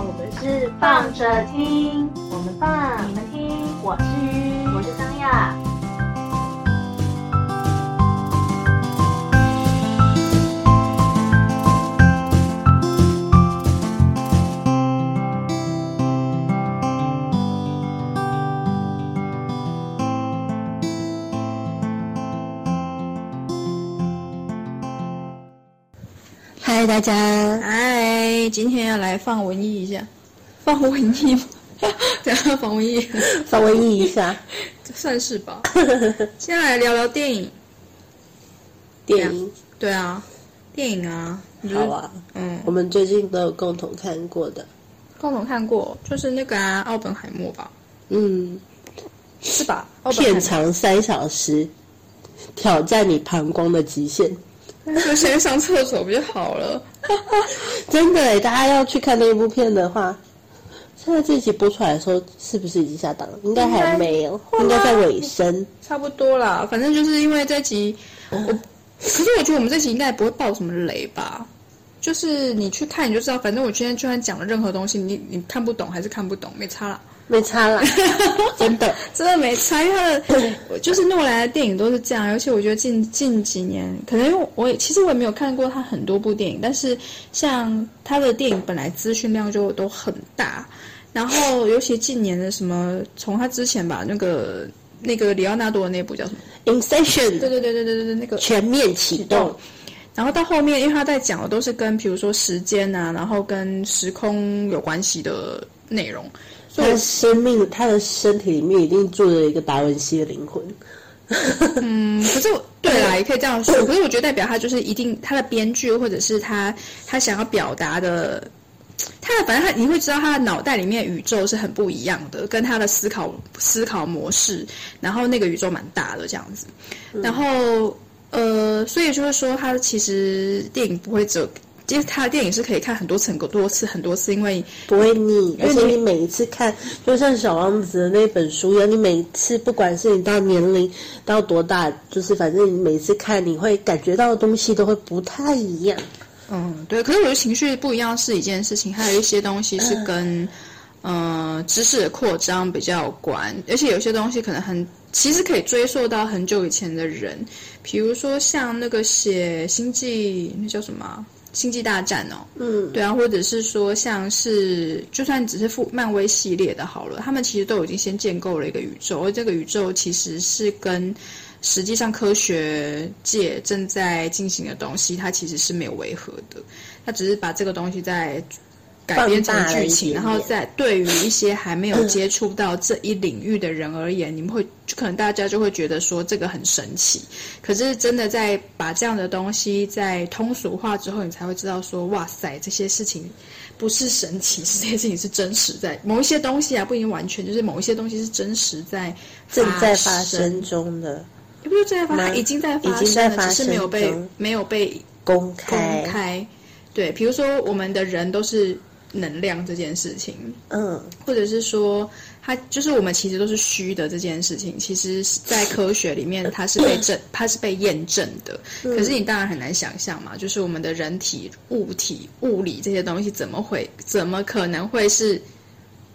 我們是放着聽，着聽我們放，你們聽，我是，我是張亞。大家，Hi，今天要來放文藝一下，放文藝，等 下放文藝，放文藝一下， 算是吧。 先下來聊聊電影，電影， 對啊，電影啊，好啊，嗯，我們最近都有共同看過的，共同看過，就是那個奧、啊、本海默吧，嗯，是吧？片長三小時，挑戰你膀胱的極限。就先 上廁所不就好了？ 真的誒，大家要去看那一部片的話，現在這集播出來的時候，是不是已經下檔了？應該還沒有，應該在尾聲，啊，差不多啦。反正就是因為這集，我， 可是我覺得我們這集應該也不會爆什麼雷吧。就是你去看你就知道，反正我今天就算講了任何東西，你你看不懂還是看不懂，沒差啦。沒差啦，真的 真的沒差。因為他， 就是諾蘭的電影都是這樣，而且我覺得近近幾年，可能因為我也其實我也沒有看過他很多部電影，但是像他的電影本來資訊量就都很大，然後尤其近年的什麼，從他之前吧，那個那個里奧納多的那部叫什麼《Inception》？對對對對對對，那個《全面啟動》啟動，然後到後面，因為他在講的都是跟比如說時間啊，然後跟時空有關係的內容。他的生命，對他的身體裡面一定住着一個達文西的靈魂。 嗯，可是我對啦，也、嗯、可以這樣說。嗯、可是我覺得代表他就是一定，嗯、他的編劇或者是他，他想要表達的，他的反正他你會知道他的腦袋裡面的宇宙是很不一樣的，跟他的思考思考模式，然後那個宇宙蠻大的這樣子。嗯、然後呃，所以就是說，他其實電影不會走。其實他的電影是可以看很多次、很多次、很多次，因為不會膩。你而且你每一次看， 就像《小王子》那本書一樣，你每一次，不管是你到年齡到多大，就是反正你每一次看，你會感覺到的東西都會不太一樣。嗯，對。可是，我的情緒不一樣是一件事情，還有一些東西是跟嗯、呃、知識的擴張比較有關，而且有些東西可能很其實可以追溯到很久以前的人，比如說像那個寫《星際》那叫什麼？星際大戰哦，嗯，對啊，或者是說像是，就算只是複漫威系列的，好了，他們其實都已經先建構了一個宇宙，而這個宇宙其實是跟實際上科學界正在進行的東西，它其實是沒有違和的，它只是把這個東西在改編成劇情，然後在對於一些還沒有接觸到這一領域的人而言， 你們會可能大家就會覺得說這個很神奇，可是真的在把這樣的東西在通俗化之後，你才會知道說哇塞，這些事情不是神奇，這些事情是真實在某一些東西啊，不一定完全就是某一些東西是真實在正在發生中的，也不是正在發，生那，已經在發生了，只是沒有被中沒有被公開。公開，對，比如說我們的人都是，能量這件事情，嗯，或者是說，它就是我們其實都是虛的這件事情，其實在科學裡面它是被證，它、嗯、是被驗證的。可是你當然很難想象嘛，就是我們的人體、物體、物理這些東西怎麼會，怎麼可能會是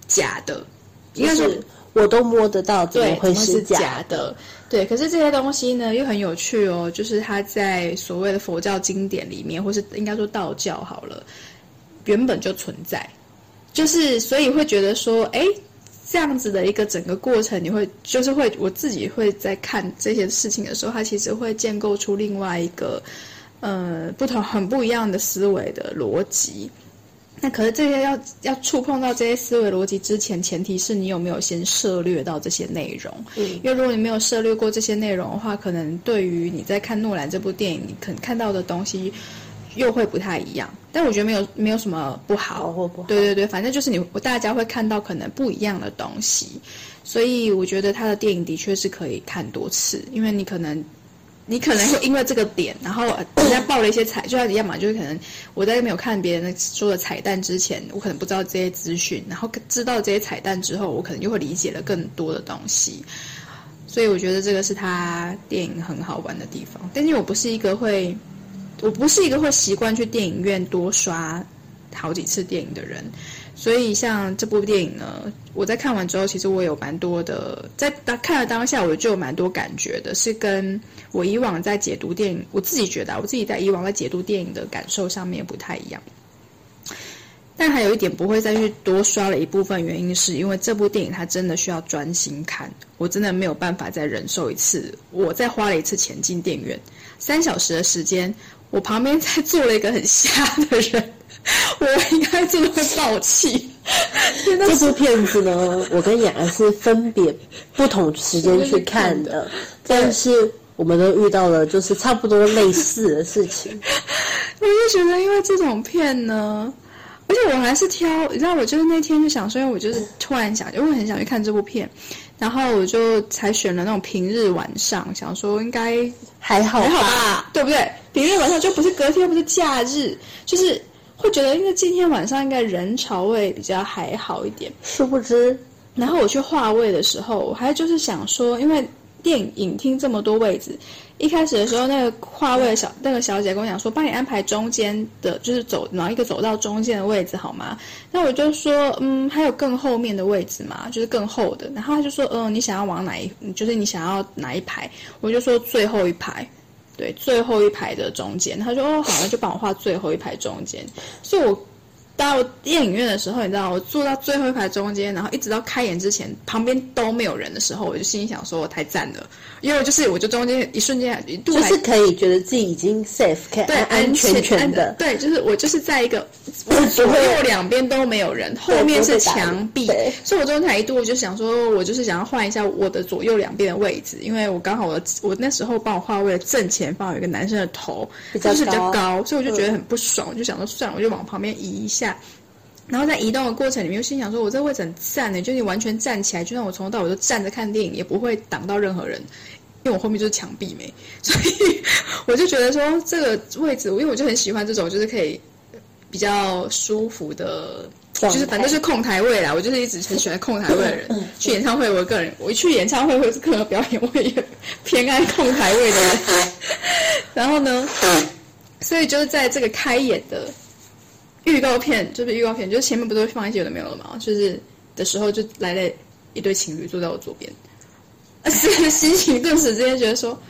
假的？應該是，就是我都摸得到，怎麼會是假的？對，怎麼會是假的？對，可是這些東西呢，又很有趣哦，就是它在所謂的佛教經典裡面，或是應該說道教好了。原本就存在，就是所以會覺得說，哎，這樣子的一個整個過程，你會就是會我自己會在看這些事情的時候，它其實會建構出另外一個，嗯、呃、不同很不一樣的思維的邏輯。那可是這些要要觸碰到這些思維邏輯之前，前提是你有沒有先涉獵到這些內容？嗯，因為如果你沒有涉獵過這些內容的話，可能對於你在看諾蘭這部電影，你可能看到的東西又會不太一樣。但我覺得沒有沒有什麼不好，或不好，對對對，反正就是你，我大家會看到可能不一樣的東西，所以我覺得他的電影的確是可以看多次，因為你可能，你可能會因為這個點，然後人家爆了一些彩， 就是要麼就是可能我在沒有看別人說的彩蛋之前，我可能不知道這些資訊，然後知道這些彩蛋之後，我可能就會理解了更多的東西，所以我覺得這個是他電影很好玩的地方，但是我不是一個會。我不是一個會習慣去電影院多刷好幾次電影的人，所以像這部電影呢，我在看完之後，其實我有蠻多的在當看了當下，我就有蠻多感覺的，是跟我以往在解讀電影，我自己覺得，我自己在以往在解讀電影的感受上面不太一樣。但還有一點不會再去多刷的一部分原因，是因為這部電影它真的需要專心看，我真的沒有辦法再忍受一次，我再花了一次錢進電影院三小時的時間。我旁邊在坐了一個很瞎的人，我應該真的會爆氣。這部片子呢，我跟雅是分別不同時間去看的， 但是我們都遇到了就是差不多類似的事情。 我就覺得因為這種片呢。而且我還是挑，你知道，我就是那天就想說，因為我就是突然想，因為我很想去看這部片，然後我就才選了那種平日晚上，想說應該還好吧，還好吧，對不對？平日晚上就不是隔天， 又不是假日，就是會覺得，因為今天晚上應該人潮會比較還好一點。殊不知，然後我去劃位的時候，我還就是想說，因為電影廳這麼多位置。一開始的時候，那個劃位的小那個小姐跟我講說，幫你安排中間的，就是走，然後一個走到中間的位置，好嗎？那我就說，嗯，還有更後面的位置嘛，就是更後的。然後他就說，嗯、呃，你想要往哪一，就是你想要哪一排？我就說最後一排，對，最後一排的中間。他說，哦，好，那就幫我畫最後一排中間。所以，我。到電影院的時候，你知道，我坐到最後一排中間，然後一直到開演之前，旁邊都沒有人的時候，我就心裡想說，我太讚了，因為就是我就中間一瞬間一度還就是可以覺得自己已經 safe，對，安安全全的安全，對，就是我就是在一個。左右兩邊都沒有人，後面是牆壁，所以，我中途一度我就想說，我就是想要換一下我的左右兩邊的位置，因為我剛好我，我的我那時候幫我劃位的正前方有一個男生的頭，啊、就是比較高，所以我就覺得很不爽，嗯、我就想說，算了，我就往旁邊移一下。然後在移動的過程裡面，我心想說，我這位置很讚呢，就你完全站起來，就算我從頭到尾都站着看電影，也不會擋到任何人，因為我後面就是牆壁嘛，所以我就覺得說，這個位置，我因為我就很喜歡這種，就是可以。比較舒服的，態就是反正是控台位啦。我就是一直很喜歡控台位的人。 去演唱會，我個人，我一去演唱會會是更表演我也偏愛控台位的人。 然後呢， 所以就是在這個開演的預告片，就是預告片，就是前面不都放一些有的沒有了嗎？就是的時候，就來了，一對情侶坐在我左邊，啊， 心情頓時之間覺得說，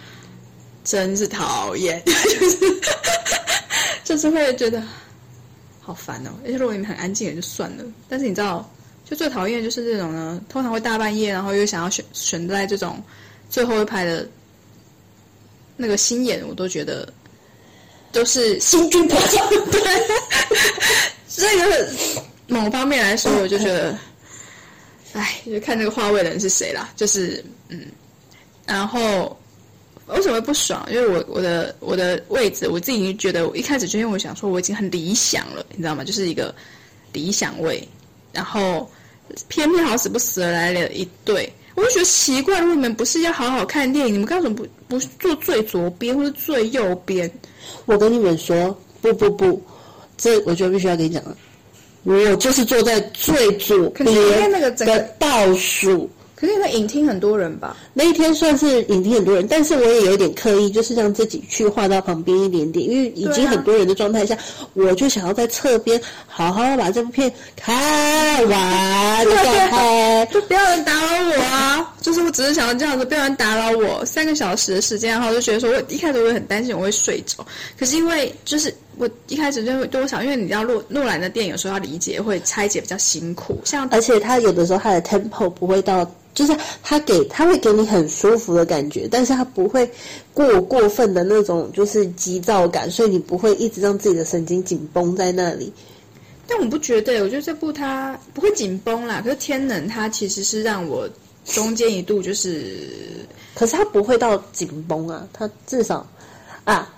真是討厭， 就是就是會覺得。好煩哦！而且如果你們很安靜也就算了，但是你知道，就最討厭就是這種呢。通常會大半夜，然後又想要選選在這種最後一排的那個心眼，我都覺得都、就是新兵作戰以這個某方面來說，我就覺得，哎，就看那個劃位的人是誰啦。就是嗯，然後。我為什麼會不爽？因為我我的我的位置，我自己已經覺得我一開始就因為我想說我已經很理想了，你知道嗎？就是一個理想位，然後偏偏好死不死的來了一對，我就覺得奇怪。如果你們不是要好好看電影，你們為什麼不不，不坐最左邊或者最右邊？我跟你們說，不不不，這我就必須要跟你講了，我就是坐在最左邊的倒數。可是那影廳很多人吧？那一天算是影廳很多人，但是我也有點刻意，就是讓自己去畫到旁邊一點點，因為已經很多人的狀態下，啊、我就想要在側邊好好把這部片看完的，就不要人打擾我啊！就是我只是想要這樣子，不要人打擾我三個小時的時間，然後就覺得說我一開始我也很擔心我會睡着，可是因為就是。我一開始就會多想，因為你知道諾，諾諾蘭的電影有時候要理解，會拆解比較辛苦。像而且他有的時候他的 tempo 不會到，就是他給它會給你很舒服的感覺，但是他不會過過分的那種就是急躁感，所以你不會一直讓自己的神經緊繃在那裡。但我不覺得，我覺得這部它不會緊繃啦。可是天能，它其實是讓我中間一度就是， 可是它不會到緊繃啊，它至少啊。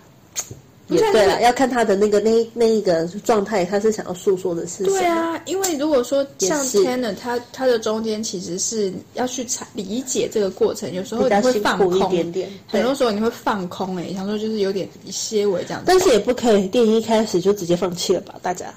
對啊，會要看他的那個那那一個狀態，他是想要訴說的事情。對啊，因為如果說像天能，是他他的中間其實是要去理解這個過程，有時候你會放空，點點很多時候你會放空，欸。哎，想說就是有點一些微這樣，但是也不可以，電影一開始就直接放棄了吧，大家。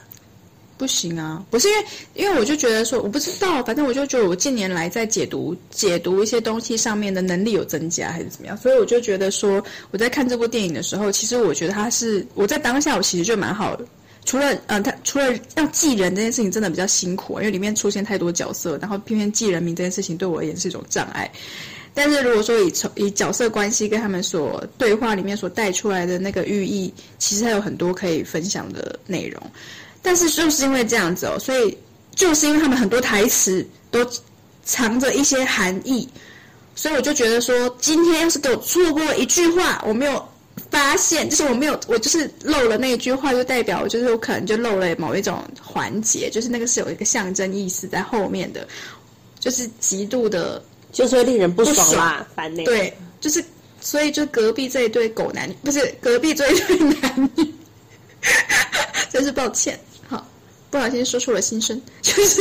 不行啊，不是因為，因為我就覺得說，我不知道，反正我就覺得我近年來在解讀解讀一些東西上面的能力有增加，還是怎麼樣，所以我就覺得說，我在看這部電影的時候，其實我覺得他是我在當下，我其實就蠻好的，除了嗯，他、呃、除了要記人這件事情真的比較辛苦，因為裡面出現太多角色，然後偏偏記人名這件事情對我而言是一種障礙。但是如果說以從以角色關係跟他們所對話裡面所帶出來的那個寓意，其實還有很多可以分享的內容。但是就是因為這樣子哦，所以就是因為他們很多台詞都藏着一些含義，所以我就覺得說，今天要是給我錯過一句話，我沒有發現，就是我沒有，我就是漏了那一句話，就代表我就是我可能就漏了某一種環節，就是那個是有一個象徵意思在後面的，就是極度的，就是會令人不爽，不爽、啊、煩累。對，就是所以就隔壁這一對狗男女，不是隔壁這一對男女，真 是抱歉。不小心說出了心聲，就是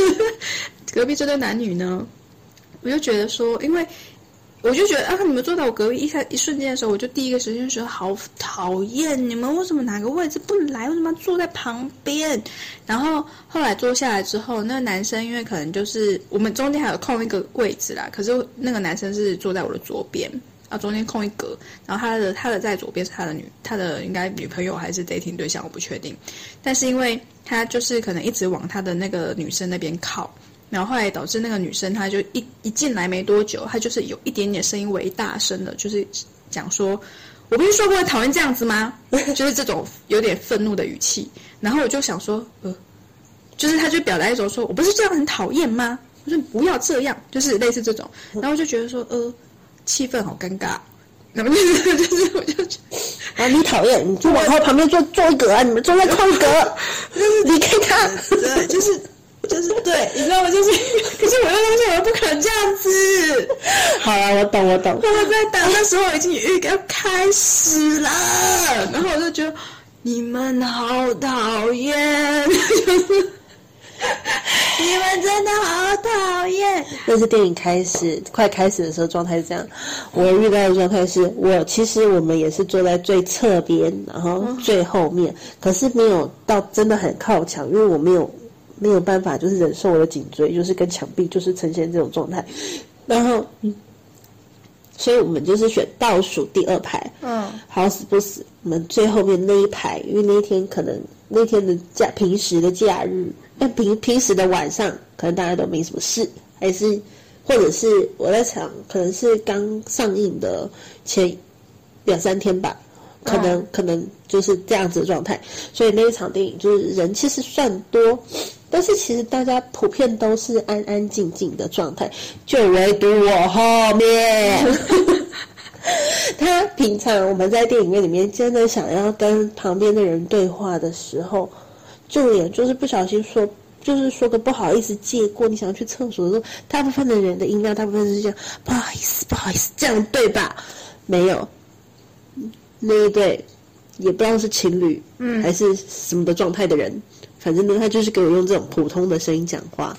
隔壁這對男女呢，我就覺得說，因為我就覺得啊，你們坐在我隔壁一開一瞬間的時候，我就第一個時間就覺得好討厭，你們為什麼哪個位置不來？為什麼要坐在旁邊？然後後來坐下來之後，那個男生因為可能就是我們中間還有空一個位置啦，可是那個男生是坐在我的左邊，啊，中間空一格，然後他的他的在左邊是他的女，他的應該女朋友還是 dating 對象，我不確定，但是因為。他就是可能一直往他的那個女生那邊靠，然後後來導致那個女生她就一一進來沒多久，她就是有一點點聲音，微大聲的，就是講說：“我不是說過討厭這樣子嗎？”就是這種有點憤怒的語氣。然後我就想說，呃，就是他就表達一種說：“我不是這樣很討厭嗎？”我說：“你不要這樣。”就是類似這種。然後就覺得說，呃，氣氛好尷尬。然後就是就是我就覺得啊，你討厭，你就往後旁邊坐坐格啊，你們坐在空格，離開他，就是就是對，你知道嗎？就是，可是我又發現我不敢這樣子。好了、啊，我懂，我懂。我在等的時候，已經預告開始了，唉然後我就覺得你們好討厭。就是 你們真的好討厭！但是電影開始快開始的時候，狀態是這樣。我遇到的狀態是，我其實我們也是坐在最側邊，然後最後面，可是沒有到真的很靠牆，因為我沒有沒有辦法，就是忍受我的頸椎，就是跟牆壁就是呈現這種狀態。然後，所以我們就是選倒數第二排，嗯，好死不死，我們最後面那一排，因為那一天可能。那天的假，平時的假日，那平平時的晚上，可能大家都沒什麼事，還是，或者是我在想，可能是剛上映的前兩三天吧，可能、啊、可能就是這樣子的狀態。所以那一場電影就是人其實算多，但是其實大家普遍都是安安靜靜的狀態，就唯獨我後面。 他平常我們在電影院裡面真的想要跟旁邊的人對話的時候，重點就是不小心說，就是說個不好意思，借過。你想要去廁所的時候，大部分的人的音量，大部分是這樣，不好意思，不好意思，這樣對吧？沒有，那一對也不知道是情侶，嗯，還是什麼的狀態的人，反正呢，他就是給我用這種普通的聲音講話。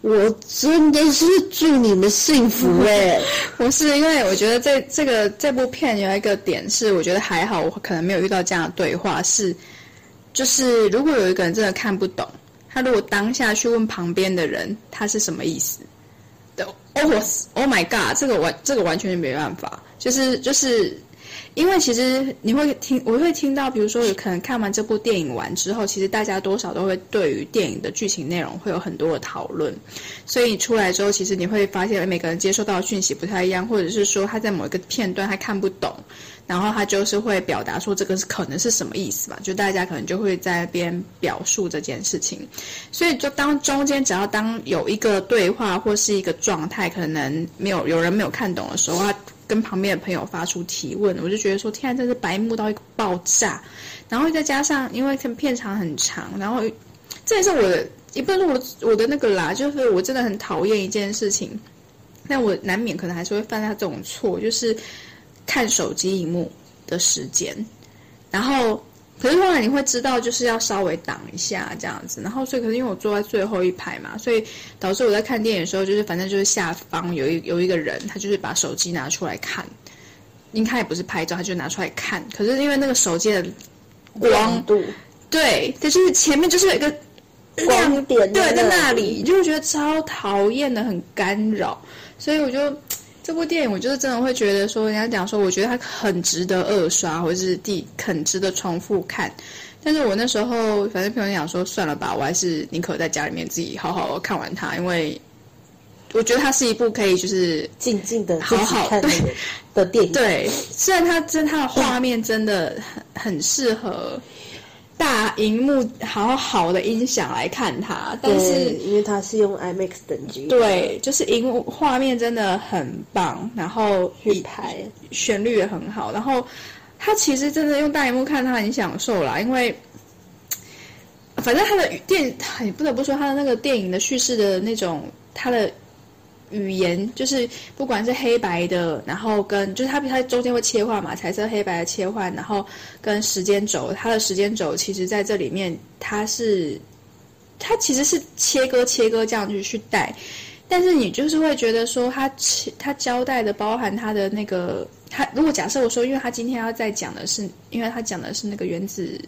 我真的是祝你們幸福哎、欸！不是，因為我覺得這這個這部片有一個點是，我覺得還好，我可能沒有遇到這樣的對話是，就是如果有一個人真的看不懂，他如果當下去問旁邊的人，他是什麼意思的？Oh,Oh my god，這個完這個完全沒辦法，就是就是。因為其實你會聽，我會聽到，比如說有可能看完這部電影完之後，其實大家多少都會對於電影的劇情內容會有很多的討論，所以你出來之後，其實你會發現每個人接受到的訊息不太一樣，或者是說他在某一個片段他看不懂，然後他就是會表達說這個是可能是什麼意思吧？就大家可能就會在那邊表述這件事情，所以就當中間只要當有一個對話或是一個狀態可能沒有有人沒有看懂的時候，他跟旁邊的朋友發出提問，我就覺得說天啊，真是白目到一個爆炸，然後再加上因為片長很長，然後這也是我一部分我我的那個啦，就是我真的很討厭一件事情，但我難免可能還是會犯下這種錯，就是看手機熒幕的時間，然後。可是後來你會知道，就是要稍微擋一下這樣子，然後所以可是因為我坐在最後一排嘛，所以導致我在看電影的時候，就是反正就是下方有一有一個人，他就是把手機拿出來看，應該也不是拍照，他就拿出來看。可是因為那個手機的光，光度，對，它就是前面就是有一個亮點， 對，在那裡，就會覺得超討厭的，很干擾，所以我就。這部電影我就是真的會覺得說，人家講說，我覺得它很值得二刷，或者是第肯值得重複看。但是我那時候反正朋友講說，算了吧，我還是寧可在家裡面自己好好看完它，因為我覺得它是一部可以就是靜靜的好好靜靜的看的電影。對，對，雖然它真它的畫面真的很很適合。嗯大熒幕好好的音響來看它，但是因為它是用 IMAX 等級，對，就是熒幕畫面真的很棒，然後一拍旋律也很好，然後它其實真的用大熒幕看它很享受啦，因為反正它的電，你不得不說它的那個電影的敘事的那種它的。語言就是不管是黑白的，然後跟就是它它中間會切換嘛，彩色黑白的切換，然後跟時間軸，它的時間軸其實在這裡面它是它其實是切割切割這樣子去去帶，但是你就是會覺得說他切，他交代的包含他的那個他如果假設我說，因為他今天要再講的是，因為他講的是那個原子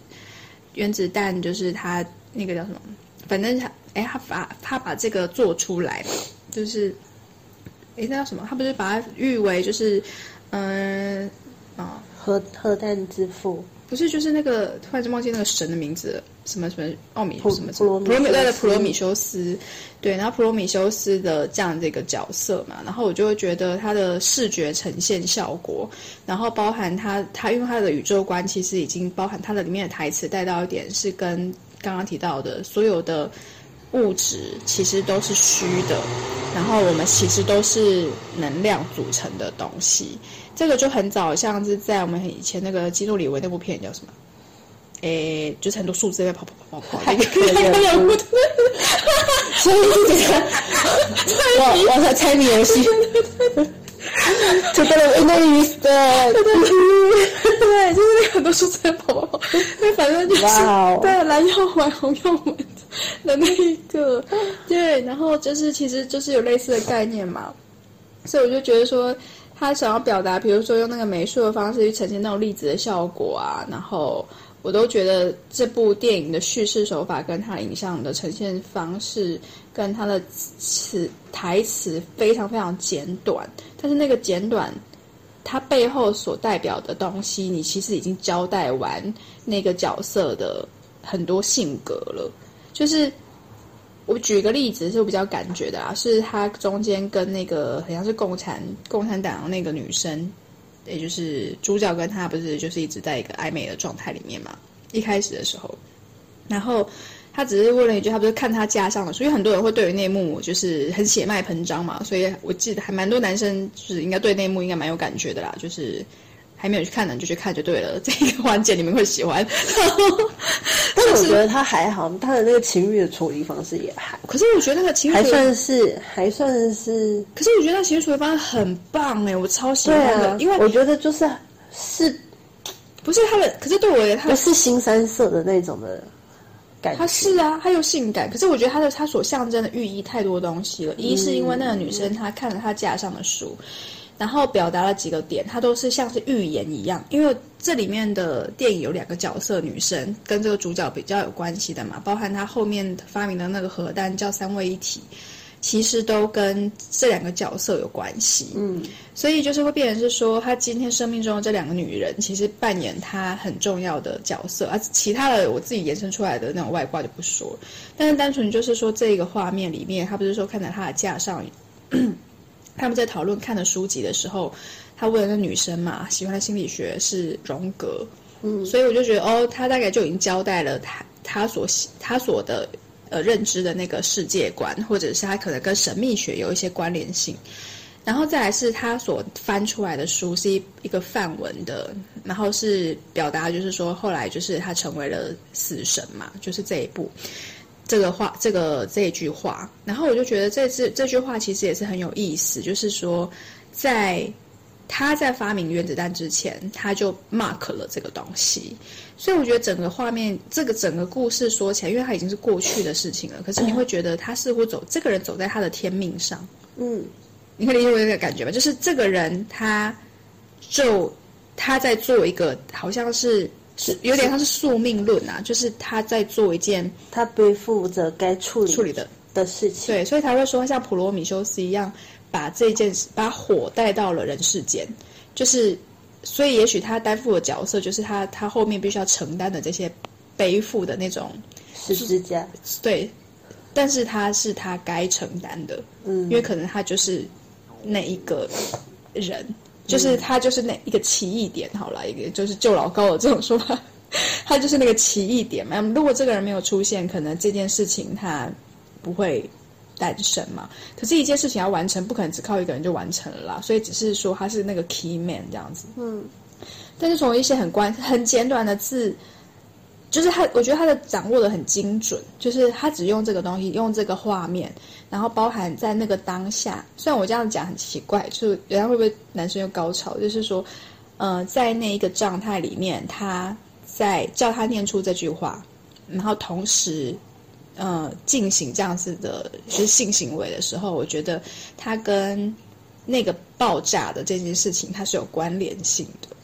原子彈，就是他那個叫什麼，反正他，哎、欸、他把他把這個做出來，就是。誒，那叫什麼？他不是把它譽為就是，嗯，啊，核核彈之父？不是，就是那個突然就忘記那個神的名字，什麼什麼奧米什麼，什麼普羅米對的普羅米修斯，對，然後普羅米修斯的這樣的一個角色嘛，然後我就會覺得他的視覺呈現效果，然後包含他他因為他的宇宙觀其實已經包含他的裡面的台詞帶到一點是跟剛剛提到的所有的。物質其實都是虛的，然後我們其實都是能量組成的東西。這個就很早，像是在我們以前那個《記錄裡論》那部片叫什麼？誒、欸，就是很多數字在跑跑跑跑 Hi, 跑，跑。跑跑還可以猜人物，哈哈哈哈！猜謎題，猜謎題，遊戲。What's the energy? 對，就是那個很多數字在跑跑跑，反正就是對藍藥丸，紅藥丸。哇的那一個，對，然後就是，其實就是有類似的概念嘛，所以我就覺得說，他想要表達，比如說用那個美術的方式去呈現那種粒子的效果啊，然後我都覺得這部電影的敘事手法跟他的影像的呈現方式，跟他的詞台詞非常非常簡短，但是那個簡短，它背後所代表的東西，你其實已經交代完那個角色的很多性格了。就是，我舉個例子是我比較感覺的啦，是他中間跟那個好像是共產共產黨那個女生，也就是主角跟他不是就是一直在一個曖昧的狀態裡面嘛。一開始的時候，然後他只是問了一句，他不是看他加上了，所以很多人會對於內幕就是很血脈噴張嘛。所以我記得還蠻多男生就是應該對內幕應該蠻有感覺的啦，就是。還沒有去看呢？你就去看就對了。這一個環節你們會喜歡， 但是我覺得他還好，他的那個情欲的處理方式也還。可是我覺得那個情欲還算是還算是，算是，可是我覺得那情欲處理方式很棒哎，我超喜歡的。啊、因為我覺得就是是，不是他的，可是對我他，他是新三色的那種的感覺。他是啊，他又性感，可是我覺得他的他所象徵的寓意太多東西了。一是因為那個女生她看了他架上的書。嗯然後表達了幾個點，它都是像是預言一樣，因為這裡面的電影有兩個角色，女生跟這個主角比較有關係的嘛，包含她後面發明的那個核彈叫三位一體，其實都跟這兩個角色有關係。嗯，所以就是會變成是說，她今天生命中的這兩個女人，其實扮演她很重要的角色，而、啊、其他的我自己延伸出來的那種外掛就不說了。但是單純就是說這個畫面裡面，她不是說看着她的架上。 他們在討論看的書籍的時候，他問了那女生嘛，喜歡的心理學是榮格，嗯，所以我就覺得哦，他大概就已經交代了他他所他所的呃認知的那個世界觀，或者是他可能跟神秘學有一些關聯性，然後再來是他所翻出來的書是一一個梵文的，然後是表達就是說後來就是他成為了死神嘛，就是這一部，這個話，這個這一句話，然後我就覺得這次這句話其實也是很有意思，就是說，在他在發明原子彈之前，他就 mark 了這個東西，所以我覺得整個畫面，這個整個故事說起來，因為他已經是過去的事情了，可是你會覺得他似乎走，這個人走在他的天命上，嗯，你可以理解我這個感覺吧，就是這個人，他就他在做一個，好像是。是有點像是宿命論啊，是就是他在做一件他背負着該處理處理的處理的，的事情。對，所以他會說，像普羅米修斯一樣，把這件事把火帶到了人世間，就是所以也許他擔負的角色，就是他他後面必須要承擔的這些背負的那種是十字架。對，但是他是他該承擔的，嗯，因為可能他就是那一個人。就是他就是那一個奇異點，好了，一個就是救老高的這種說法， 他就是那個奇異點嘛。如果這個人沒有出現，可能這件事情他不會誕生嘛。可是，一件事情要完成，不可能只靠一個人就完成了，所以只是說他是那個 key man 這樣子。嗯。但是從一些很關很簡短的字。就是他，我覺得他的掌握得很精準，就是他只用這個東西，用這個畫面，然後包含在那個當下。雖然我這樣講很奇怪，就是，人家會不會男生又高潮？就是說，呃，在那一個狀態裡面，他在叫他念出這句話，然後同時，呃，進行這樣子的，就是性行為的時候，我覺得他跟那個爆炸的這件事情，它是有關聯性的。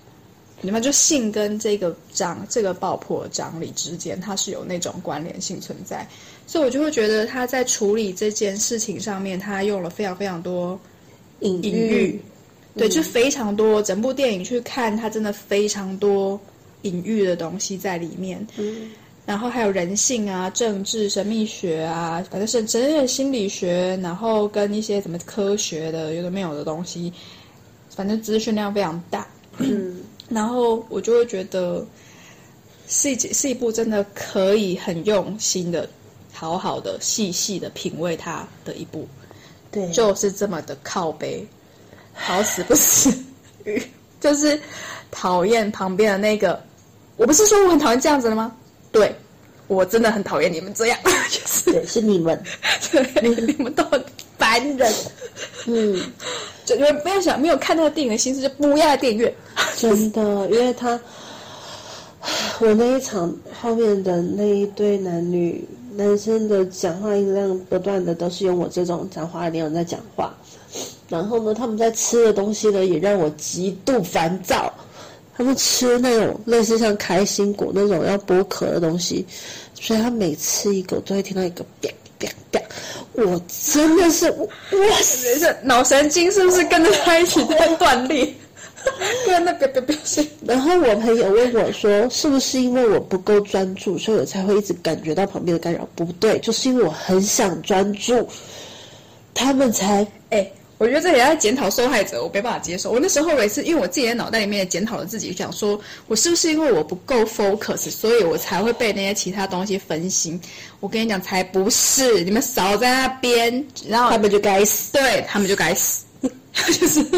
你看，就性跟這個張這個爆破張力之間，它是有那種關聯性存在，所以我就會覺得他在處理這件事情上面，他用了非常非常多隱喻、喻，對，就非常多。整部電影去看，它真的非常多隱喻的東西在裡面。嗯，然後還有人性啊、政治、神秘學啊，反正是真的心理學，然後跟一些什麼科學的有的沒有的東西，反正資訊量非常大。嗯。然後我就會覺得，是一是一部真的可以很用心的、好好的、細細的品味它的一部。對，就是這麼的靠北，好死不死，就是討厭旁邊的那個，我不是說我很討厭這樣子的嗎？對，我真的很討厭你們這樣，就是對，是你們， 對你們，你們都很煩人。 嗯，就你們沒有想、沒有看那個電影的心思，就不要在電影院。真的，因為他，我那一場後面的那一堆男女男生的講話音量不斷的都是用我這種講話的音量在講話，然後呢，他們在吃的東西呢也讓我極度煩躁，他們吃那種類似像開心果那種要剝殼的東西，所以他每吃一個，我都會聽到一個“叮叮叮”，我真的是我，等一下腦神經是不是跟着他一起在斷裂？哦哦哦 對，那個表情。然後我朋友問我說：“ 是不是因為我不夠專注，所以我才會一直感覺到旁邊的干擾？不對，就是因為我很想專注，他們才……哎、欸，我覺得這也要檢討受害者，我沒辦法接受。我那時候我也是因為我自己的腦袋裡面也檢討了自己，想說我是不是因為我不夠 focus，所以我才會被那些其他東西分心？我跟你講，才不是！你們少在那邊，然後他們就該死，對他們就該死， 就是。 ”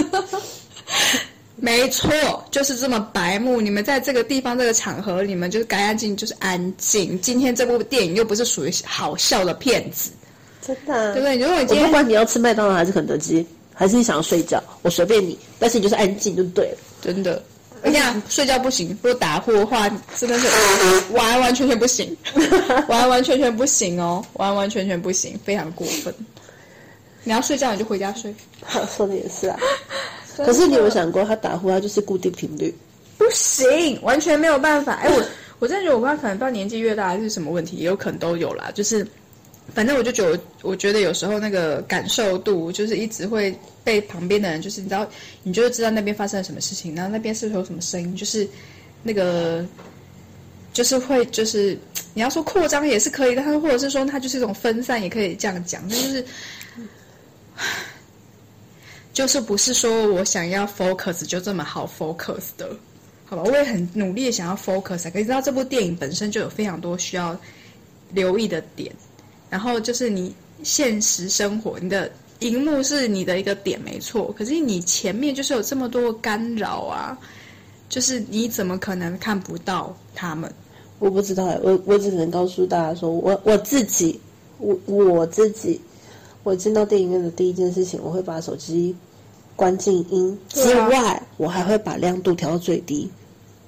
沒錯，就是這麼白目。你們在這個地方、這個場合，你們就是該安靜，就是安靜。今天這部電影又不是屬於好笑的片子，真的、啊、對不對？如果你今天我不管你要吃麥當勞還是肯德基，還是你想要睡覺，我隨便你。但是你就是安靜就對了，真的。你看，睡覺不行，如果打呼的話，真的是、嗯、完完全全不行，完完全全不行哦，完完全全不行，非常過分。你要睡覺，你就回家睡好。說的也是啊。可是你有想過，他打呼他就是固定頻率，不行，完全沒有辦法。哎，我我真的覺得我跟他可能不知道年紀越大，還是什麼問題，也有可能都有啦。就是，反正我就覺得我，我覺得有時候那個感受度，就是一直會被旁邊的人，就是你知道，你就知道那邊發生了什麼事情，然後那邊是不是有什麼聲音，就是那個，就是會，就是你要說擴張也是可以的，他說或者是說他就是一種分散也可以這樣講，但就是。 就是不是說我想要 focus 就這麼好 focus 的，好吧？我也很努力的想要 focus，可以知道這部電影本身就有非常多需要留意的點，然後就是你現實生活，你的熒幕是你的一個點沒錯，可是你前面就是有這麼多干擾啊，就是你怎麼可能看不到他們？我不知道，欸，我我只能告訴大家說，我我自己，我我自己，我進到電影院的第一件事情，我會把手機。關靜音之外，啊、我還會把亮度調到最低。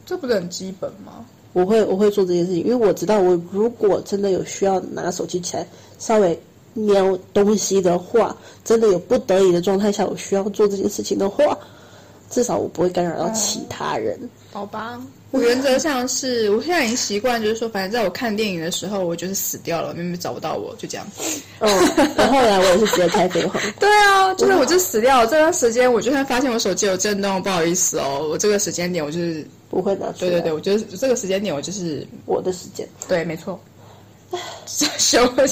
這不是很基本嗎？我會我會做這件事情，因為我知道，我如果真的有需要拿手機起來稍微瞄東西的話，真的有不得已的狀態下，我需要做這件事情的話，至少我不會干擾到其他人。好吧。我 原則上是，我現在已經習慣，就是說，反正在我看電影的時候，我就是死掉了，明明找不到我，就這樣。嗯、哦，然後來 我也是直接開電話。 對啊，就是我就死掉了， 這段時間，我就算發現我手機有震動，不好意思哦，我這個時間點我就是不會的。對對對，我覺得這個時間點我就是我的時間。對，沒錯。這時候 對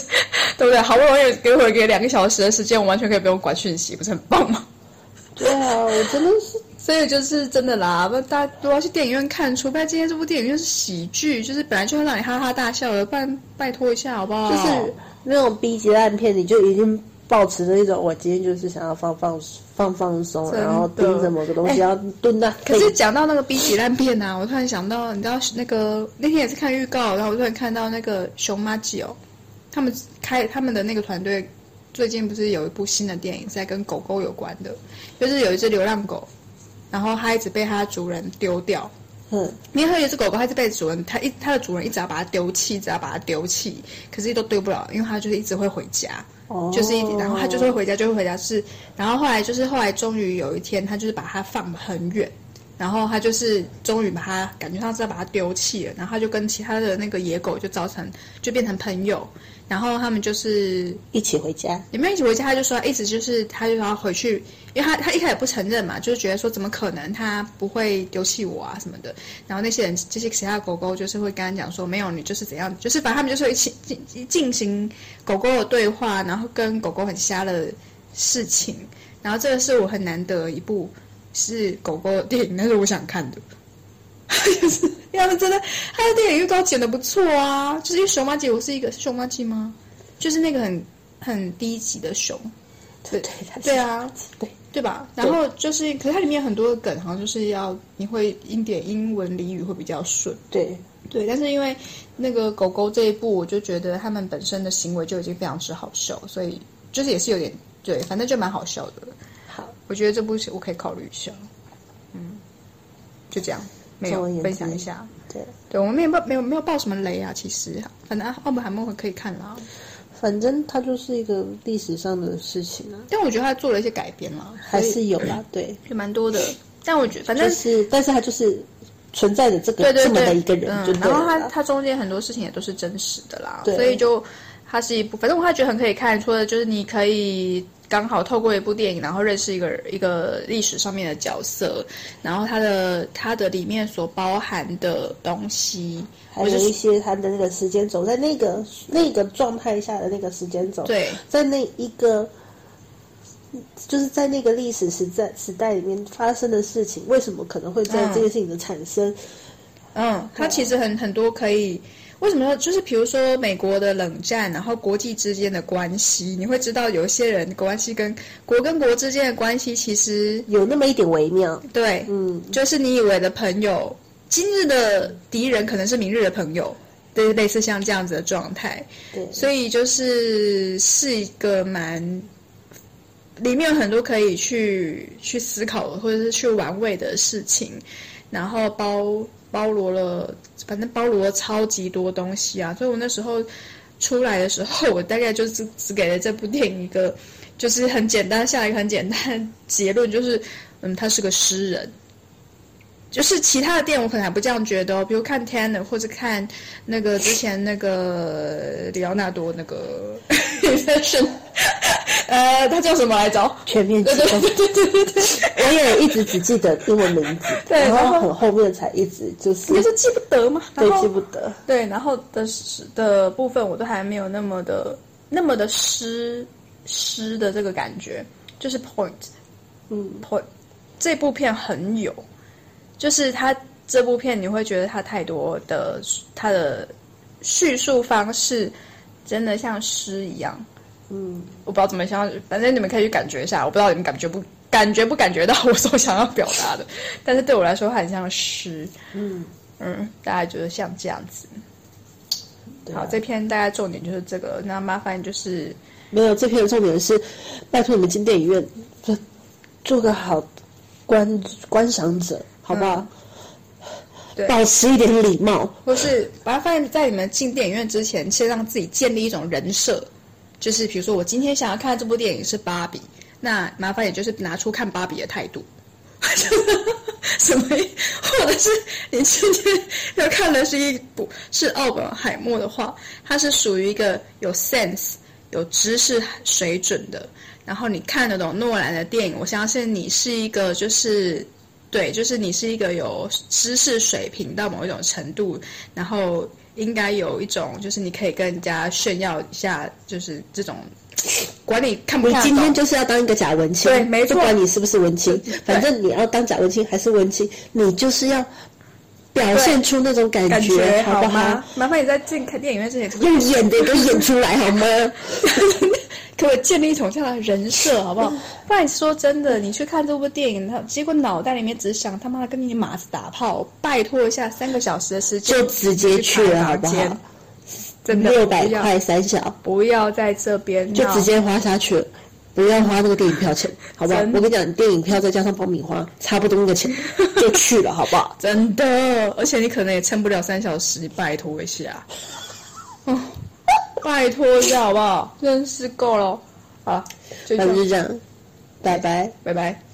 不對？好不容易給我給兩個小時的時間，我完全可以不用管訊息，不是很棒嗎？ 對啊，我真的是。所以就是真的啦，大家都要去電影院看出。除非今天這部電影院是喜劇，就是本來就會讓你哈哈大笑的，不然拜拜托一下好不好？就是，哦、那種 B 級爛片，你就已經保持着一種我今天就是想要放放放放鬆，的然後蹲什麼的東西，要蹲到。欸、可，以可是講到那個 B 級爛片啊，我突然想到，你知道那個那天也是看預告，然後我突然看到那個熊麻吉他們開他們的那個團隊最近不是有一部新的電影在跟狗狗有關的，就是有一只流浪狗。然後它一直被它的主人丟掉。嗯，因為有一隻狗狗，它一直被主人它一它的主人一直要把它丟棄，一直要把它丟棄，可是都丟不了，因為它就是一直會回家，哦、就是一直，然後它就是會回家，就會回家是，然後後來就是後來終於有一天，它就是把它放很遠。然後他就是終於把它感覺像是要把它丟棄了，然後他就跟其他的那個野狗就造成就變成朋友，然後他們就是一起回家，你沒一起回家？他就說他一直就是他就要回去，因為他他一開始不承認嘛，就是覺得說怎麼可能他不會丟棄我啊什麼的。然後那些人這些其他的狗狗就是會跟他講說沒有，你就是怎樣，就是把他們就是一起進，進行狗狗的對話，然後跟狗狗很瞎的事情。然後這個是我很難得一部。是狗狗的電影，那是我想看的， 就是要是真的，它的電影預告剪得不錯啊。就是因為熊麻吉，我是一個是熊麻吉嗎？就是那個很很低級的熊，對對對,對,對啊，對對吧？對然後就是，可是它裡面很多的梗，好像就是要你會一點英文俚語會比較順。對對，但是因為那個狗狗這一部，我就覺得他們本身的行為就已經非常之好笑，所以就是也是有點對，反正就蠻好笑的。我覺得這部戲我可以考慮一下，嗯，就這樣，沒有分享一下，對，對我們沒有沒有沒有爆什麼雷啊，其實，反正奧本海默可以看啦。反正他就是一個歷史上的事情了，但我覺得他做了一些改編啦，還是有啦。嗯、對，就蠻多的，但我覺得反正，就是，但是他就是存在着這個 這麼的一個人、嗯，然後他他中間很多事情也都是真實的啦，對所以就他是一部，反正我還覺得很可以看，除了就是你可以。剛好透過一部電影，然後認識一個一個歷史上面的角色，然後他的他的裡面所包含的東西，還有一些、就是、他的那個時間軸，在那個那個狀態下的那個時間軸，在那一個，對就是在那個歷史時代時代裡面發生的事情，為什麼可能會在這些事情的產生？嗯，它，嗯、其實很對很多可以。為什麼？就是比如說美國的冷戰，然後國際之間的關係，你會知道有一些人關係跟國跟國之間的關係其實有那麼一點微妙。對，嗯，就是你以為的朋友，今日的敵人可能是明日的朋友，對，類似像這樣子的狀態。對，所以就是是一個蠻，裡面有很多可以去去思考的或者是去玩味的事情，然後包。包羅了，反正包羅了超級多東西啊！所以我那時候出來的時候，我大概就是只給了這部電影一個，就是很簡單，下一個很簡單結論，就是，嗯，他是個詩人。就是其他的店，我可能還不這樣覺得哦。比如看 Tenet 或者看那個之前那個裡奧納多那個《 呃，他叫什麼來着？全面記。記。對對,對對對對對。 我也一直只記得英文名字，對，然後,然後很後面才一直就是。你是記不得嗎？都記不得。對，然後的的部分我都還沒有那麼的那麼的濕濕的這個感覺，就是 Point，嗯，Point 這部片很有。就是他這部片，你會覺得他太多的他的敘述方式，真的像詩一樣。嗯，我不知道怎麼想，反正你們可以去感覺一下。我不知道你們感覺不感覺不感覺到我所想要表達的， 但是對我來說，它很像詩。嗯嗯，大家覺得像這樣子。對啊、好，這篇大概重點就是這個。那麻煩就是沒有這篇的重點是，拜托你們進電影院做做個好觀觀賞者。好不好，嗯、對，保持一點禮貌，或是麻煩在你們進電影院之前，先讓自己建立一種人設，就是比如說我今天想要看這部電影是《芭比》，那麻煩也就是拿出看《芭比》的態度， 什麼？或者是你今天要看的是一部是奧本海默的話，它是屬於一個有 sense、有知識水準的，然後你看得懂諾蘭的電影，我相信你是一個就是。對，就是你是一個有知識水平到某一種程度，然後應該有一種，就是你可以跟人家炫耀一下，就是這種管理看不到。你今天就是要當一個假文青，對，沒錯，不管你是不是文青，反正你要當假文青還是文青，你就是要表現出那種感覺，好不好？麻煩你在進看電影院之前用演的都演出來， 好嗎？ 給我建立一種這樣的人設，好不好？不然你說真的，你去看這部電影，他結果腦袋裡面只想他媽的跟你馬子打炮，拜托一下三個小時的時間就直接去了，去好不好？真的，六百塊三小不要，不要在這邊就直接花下去了，不要花那個電影票錢，好不好？的我跟你講，電影票再加上爆米花，差不多那個錢就去了，好不好？ 真的，而且你可能也撐不了三小時，拜托一下。哦。 拜託一下好不好？ 真是夠了，好，那麼就這樣，拜拜，對拜拜。拜拜。